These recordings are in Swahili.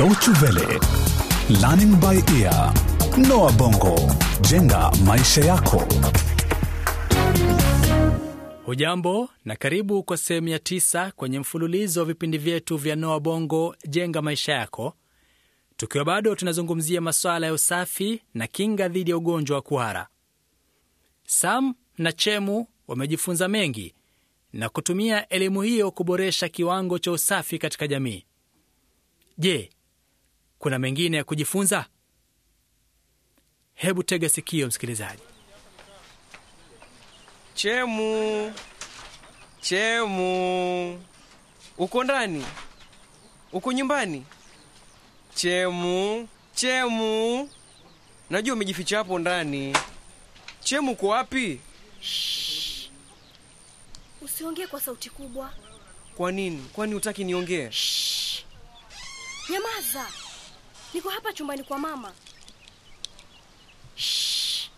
Deutsche Welle, Learning by Ear, Noah Bongo, jenga maisha yako. Hujambo na karibu kwa sehemu ya tisa kwenye mfululizo wa vipindi vyetu vya Noah Bongo, jenga maisha yako, tukiwa bado tunazungumzia masuala ya usafi na kinga dhidi ya ugonjwa wa kuhara. Sam na Chemu wamejifunza mengi na kutumia elimu hiyo kuboresha kiwango cha usafi katika jamii. Je, kuna mengine ya kujifunza? Hebu tega sikio, msikilizaji. Chemu, Chemu, uko ndani? Uko nyumbani? Chemu, Chemu, najua umejificha hapo ndani. Chemu, uko wapi? Usiongee kwa sauti kubwa. Kwa nini? Kwani hutaki niongee? Nyamaza. Niko hapa chumbani kwa mama. Shh.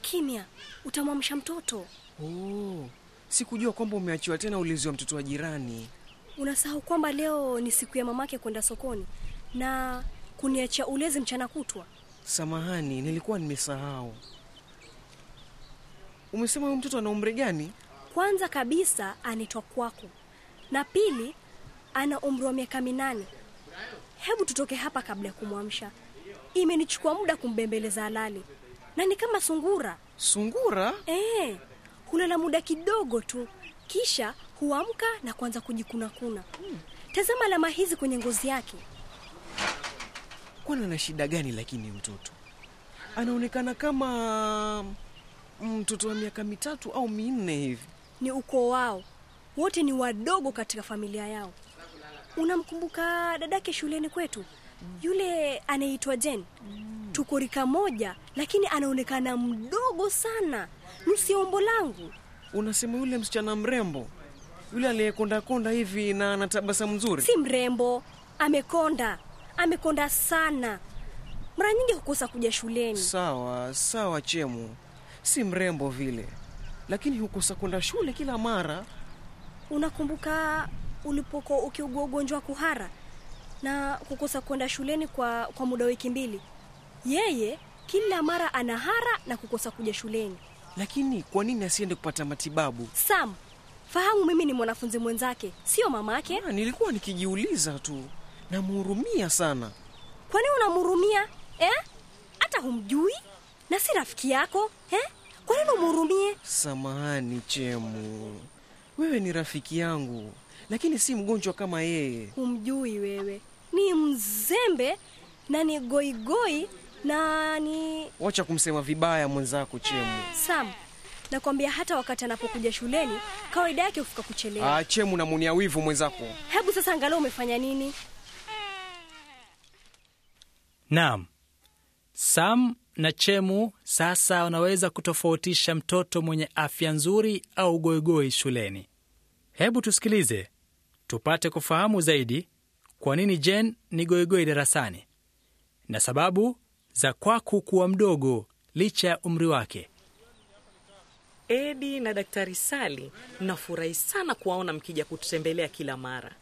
Kimya, utamwamsha mtoto. Oh, sikujua kwamba umeachiwa tena ulezi wa mtoto wa jirani. Unasahau kwamba leo ni siku ya mamake kwenda sokoni na kuniachia ulezi mchana kutwa. Samahani, nilikuwa nimesahau. Umesema huyu mtoto ana umri gani? Kwanza kabisa anaitwa kwako, na pili ana umri wa miaka minane hebu tutoke hapa kabla ya kumwamsha. Imenichukua muda kumbembeleza alali na ni kama sungura. Sungura eh, hulala muda kidogo tu, kisha huamka na kuanza kujikunakuna. Hmm. Tazama alama hizi kwenye ngozi yake. kwana ana shida gani? Lakini mtoto anaonekana kama mm, mtoto wa miaka mitatu au minne hivi. Ni ukoo wao wote, ni wadogo katika familia yao unamkumbuka dadake shuleni kwetu yule anaitwa Jen. tukorika mm. Tuko rika moja, lakini anaonekana mdogo sana, nusu langu. Unasema yule msichana mrembo yule aliyekondakonda hivi na anatabasa mzuri Si mrembo, amekonda, amekonda sana. Mara nyingi hukosa kuja shuleni. Sawa sawa, Chemu, si mrembo vile, lakini hukosa kwenda shule kila mara. Unakumbuka ulipokuwa ukiugua ugonjwa wa kuhara na kukosa kwenda shuleni kwa, kwa muda wiki mbili. Yeye kila mara ana hara na kukosa kuja shuleni. Lakini kwa nini asiende kupata matibabu? Sam, fahamu mimi ni mwanafunzi mwenzake, sio mamake. Ha, ah, nilikuwa nikijiuliza tu, namhurumia sana. Kwani unamhurumia eh? Hata humjui na si rafiki yako eh? Kwa nini umhurumie? Samahani Chemu, wewe ni rafiki yangu lakini si mgonjwa kama yeye. Humjui wewe, ni mzembe na ni goigoi na ni... Wacha kumsema vibaya mwenzako Chemu. Sam, nakwambia hata wakati anapokuja shuleni kawaida yake hufika kuchelewa. Ah, Chemu, namunia wivu mwenzako. Hebu sasa angalau umefanya nini? Naam, Sam na Chemu sasa wanaweza kutofautisha mtoto mwenye afya nzuri au goigoi shuleni. Hebu tusikilize tupate kufahamu zaidi kwa nini Jen ni goigoi darasani na sababu za Kwaku kuwa mdogo licha ya umri wake. Edi na Daktari Sali, nafurahi sana kuwaona mkija kututembelea kila mara.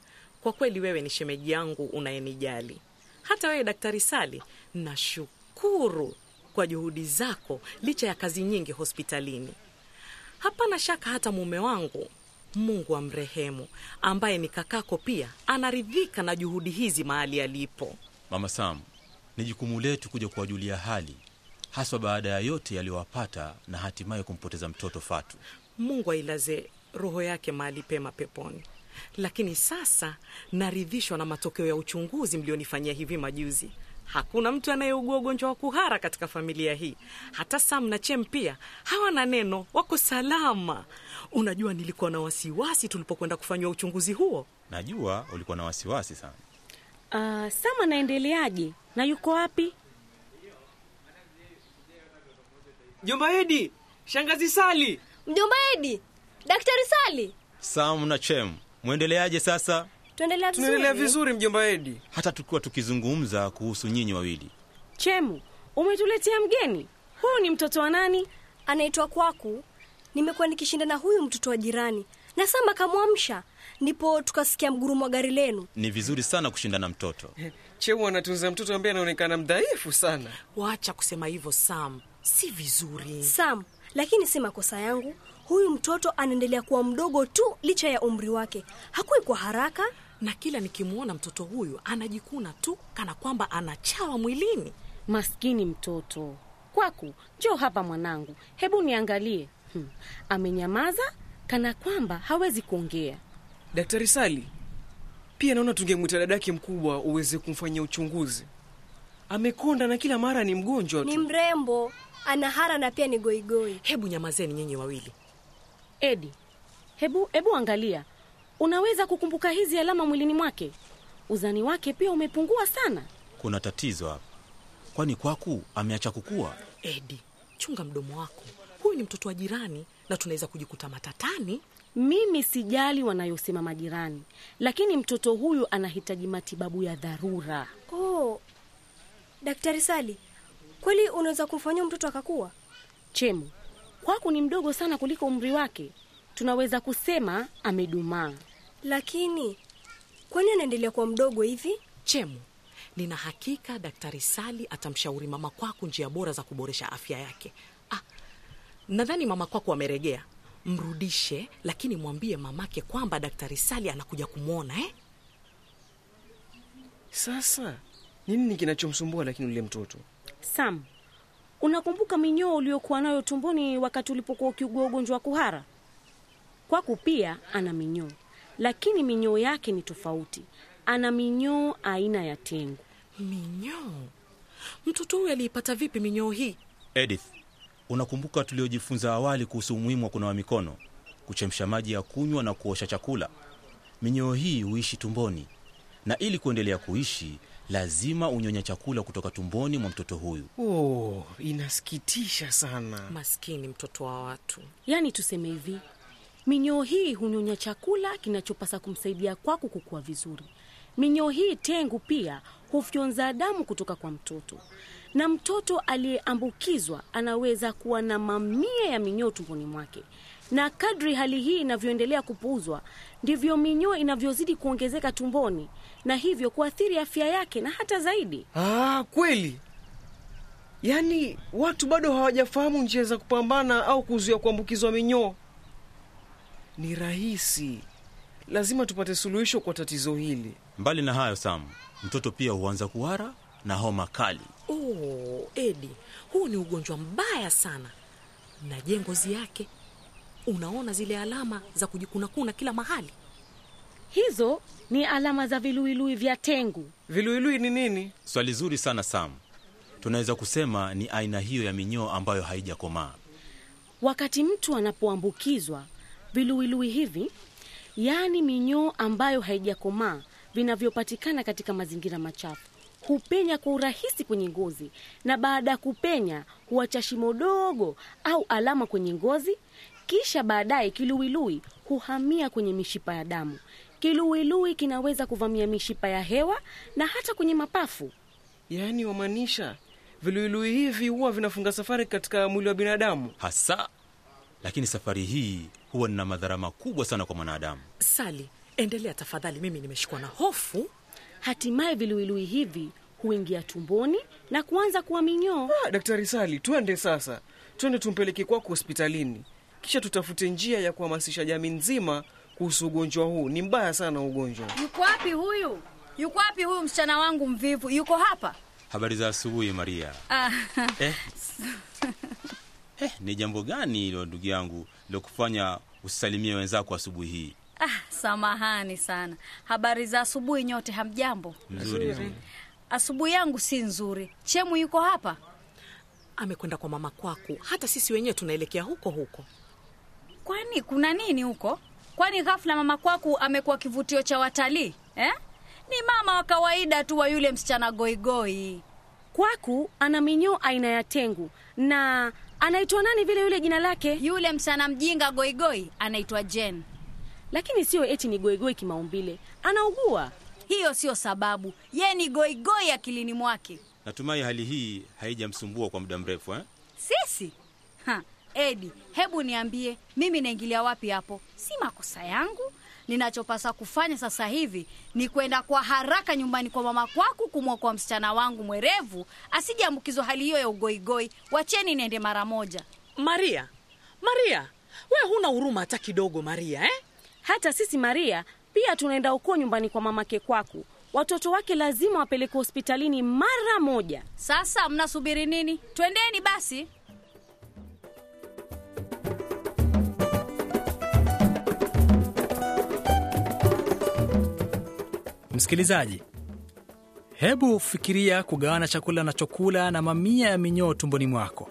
Kwa kweli wewe ni shemeji yangu unayenijali. Hata wewe Daktari Sali, nashukuru kwa juhudi zako licha ya kazi nyingi hospitalini. Hapana shaka hata mume wangu Mungu wa mrehemu ambaye ni kakako pia anaridhika na juhudi hizi mahali alipo. Mama Sam, ni jukumu letu kuja kuwajulia hali, haswa baada ya yote yaliyowapata na hatimaye kumpoteza mtoto Fatu. Mungu ailaze roho yake mahali pema peponi. Lakini sasa naridhishwa na matokeo ya uchunguzi mlionifanyia hivi majuzi. Hakuna mtu anayeugua ugonjwa wa kuhara katika familia hii. Hata Sam na Chem pia hawana neno, wako salama. Unajua, nilikuwa na wasiwasi tulipokwenda kufanyiwa uchunguzi huo. Najua ulikuwa na wasiwasi sana. Uh, Sam anaendeleaje na yuko wapi? Mjomba Edi, shangazi Sali, mjomba Edi, daktari Sali. Sam na Chem, mwendeleaje sasa? tuendelea vizuri, tuendelea vizuri mjomba Edi, hata tukiwa tukizungumza kuhusu nyinyi wawili. Chemu, umetuletea mgeni huyu? Ni mtoto wa nani? Anaitwa Kwaku. Nimekuwa nikishinda na huyu mtoto wa jirani na Samba kamwamsha, ndipo tukasikia mgurumo wa gari lenu. Ni vizuri sana kushinda na mtoto. Chemu anatunza mtoto ambaye anaonekana mdhaifu sana. Wacha kusema hivyo Sam, si vizuri Sam, lakini si makosa yangu huyu mtoto anaendelea kuwa mdogo tu licha ya umri wake, hakuwi kwa haraka, na kila nikimwona mtoto huyu anajikuna tu kana kwamba anachawa mwilini. Maskini mtoto. Kwaku, njoo hapa mwanangu, hebu niangalie. Hmm, amenyamaza kana kwamba hawezi kuongea. Daktari Sali, pia naona tungemwita dadake mkubwa uweze kumfanyia uchunguzi. Amekonda na kila mara ni mgonjwa tu. Ni mrembo, anahara na pia ni goigoi. Hebu nyamazeni nyenye wawili, Edi, hebu hebu angalia, unaweza kukumbuka hizi alama mwilini mwake? Uzani wake pia umepungua sana. Kuna tatizo hapa, kwani kwaku ameacha kukua? Edi, chunga mdomo wako, huyu ni mtoto wa jirani na tunaweza kujikuta matatani. Mimi sijali wanayosema majirani, lakini mtoto huyu anahitaji matibabu ya dharura. Oh, Daktari Sali, kweli unaweza kumfanyia mtoto akakua? Chemu, mjukuu wako ni mdogo sana kuliko umri wake tunaweza kusema amedumaa lakini kwani anaendelea kuwa mdogo hivi chemu nina hakika daktari sali atamshauri mama kwako njia bora za kuboresha afya yake ah, nadhani mama kwako ameregea mrudishe lakini mwambie mamake kwamba daktari sali anakuja kumwona eh? sasa nini kinachomsumbua lakini ule mtoto sam Unakumbuka minyoo uliokuwa nayo tumboni wakati ulipokuwa ukiugua ugonjwa wa kuhara? Kwaku pia ana minyoo, lakini minyoo yake ni tofauti. Ana minyoo aina ya tengu. Minyoo? Mtoto huyu aliipata vipi minyoo hii? Edith, unakumbuka tuliojifunza awali kuhusu umuhimu wa kunawa mikono, kuchemsha maji ya kunywa na kuosha chakula? Minyoo hii huishi tumboni, na ili kuendelea kuishi lazima unyonya chakula kutoka tumboni mwa mtoto huyu. Oh, inasikitisha sana. Maskini mtoto wa watu. Yaani tuseme hivi, minyoo hii hunyonya chakula kinachopasa kumsaidia kwako kukua vizuri. Minyoo hii tengu pia hufyonza damu kutoka kwa mtoto, na mtoto aliyeambukizwa anaweza kuwa na mamia ya minyoo tumboni mwake na kadri hali hii inavyoendelea kupuuzwa ndivyo minyoo inavyozidi kuongezeka tumboni na hivyo kuathiri afya yake na hata zaidi. Ah, kweli. Yaani watu bado hawajafahamu njia za kupambana au kuzuia kuambukizwa minyoo. Ni rahisi, lazima tupate suluhisho kwa tatizo hili. Mbali na hayo, Sam, mtoto pia huanza kuhara na homa kali. Oh, Edi, huu ni ugonjwa mbaya sana. Na je, ngozi yake unaona zile alama za kujikunakuna kila mahali hizo ni alama za viluilui vya tengu viluilui ni nini swali zuri sana sam tunaweza kusema ni aina hiyo ya minyoo ambayo haijakomaa wakati mtu anapoambukizwa viluilui hivi yaani minyoo ambayo haijakomaa vinavyopatikana katika mazingira machafu hupenya kwa urahisi kwenye ngozi na baada ya kupenya huacha shimo dogo au alama kwenye ngozi kisha baadaye kiluilui huhamia kwenye mishipa ya damu. Kiluilui kinaweza kuvamia mishipa ya hewa na hata kwenye mapafu. Yaani wamaanisha viluilui hivi huwa vinafunga safari katika mwili wa binadamu hasa, lakini safari hii huwa nina madhara makubwa sana kwa mwanadamu. Sali, endelea tafadhali, mimi nimeshikwa na hofu. Hatimaye viluilui hivi huingia tumboni na kuanza kuwa minyoo. Ah, Daktari Sali, tuende sasa, twende tumpeleke kwako hospitalini kisha tutafute njia ya kuhamasisha jamii nzima kuhusu ugonjwa huu. Ni mbaya sana ugonjwa. Yuko wapi huyu? Yuko wapi huyu msichana wangu mvivu? Yuko hapa? Habari za asubuhi Maria. Ah. Eh. Eh, ni jambo gani ilo ndugu yangu lokufanya usisalimie wenzako asubuhi hii? Ah, samahani sana. Habari za asubuhi nyote, hamjambo? nzuri. Asubuhi yangu si nzuri. Chemu yuko hapa? Amekwenda kwa mama kwako, hata sisi wenyewe tunaelekea huko huko. Kwani kuna nini huko? Kwani ghafla mama kwaku amekuwa kivutio cha watalii eh? Ni mama wa kawaida tu wa yule msichana goigoi. Kwaku ana minyoo aina ya tengu na anaitwa nani vile yule jina lake? Yule msichana mjinga goigoi anaitwa Jen, lakini siyo eti ni goigoi kimaumbile. Anaugua, hiyo sio sababu. Ye ni goigoi akilini mwake. Natumai hali hii haijamsumbua kwa muda mrefu eh? Sisi ha. Edi, hebu niambie, mimi naingilia wapi hapo? Si makosa yangu. Ninachopasa kufanya sasa hivi ni kwenda kwa haraka nyumbani kwa mama kwaku kumwokoa msichana wangu mwerevu asije ambukizwa hali hiyo ya ugoigoi. Wacheni niende mara moja. Maria, Maria, we huna huruma hata kidogo, Maria eh? Hata sisi Maria pia tunaenda huko nyumbani kwa mamake kwaku. Watoto wake lazima wapelekwe hospitalini mara moja. Sasa mnasubiri nini? Twendeni basi. Msikilizaji, hebu fikiria kugawana chakula na chokula na mamia ya minyoo tumboni mwako.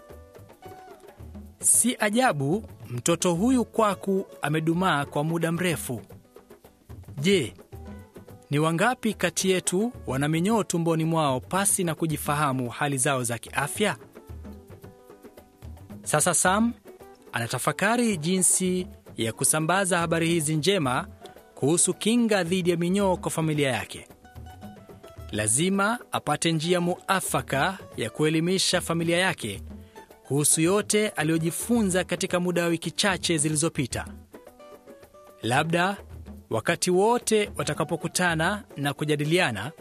Si ajabu mtoto huyu kwaku amedumaa kwa muda mrefu. Je, ni wangapi kati yetu wana minyoo tumboni mwao pasi na kujifahamu hali zao za kiafya? Sasa Sam anatafakari jinsi ya kusambaza habari hizi njema kuhusu kinga dhidi ya minyoo kwa familia yake. Lazima apate njia muafaka ya kuelimisha familia yake kuhusu yote aliyojifunza katika muda wa wiki chache zilizopita. Labda wakati wote watakapokutana na kujadiliana,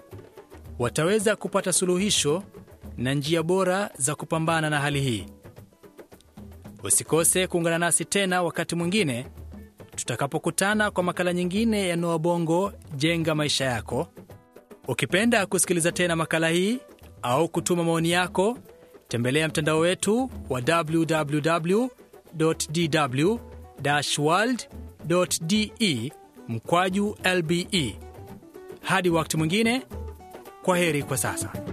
wataweza kupata suluhisho na njia bora za kupambana na hali hii. Usikose kuungana nasi tena wakati mwingine tutakapokutana kwa makala nyingine ya Noa Bongo, jenga maisha yako. Ukipenda kusikiliza tena makala hii au kutuma maoni yako, tembelea mtandao wetu wa www dw world de mkwaju lbe. Hadi wakati mwingine, kwa heri kwa sasa.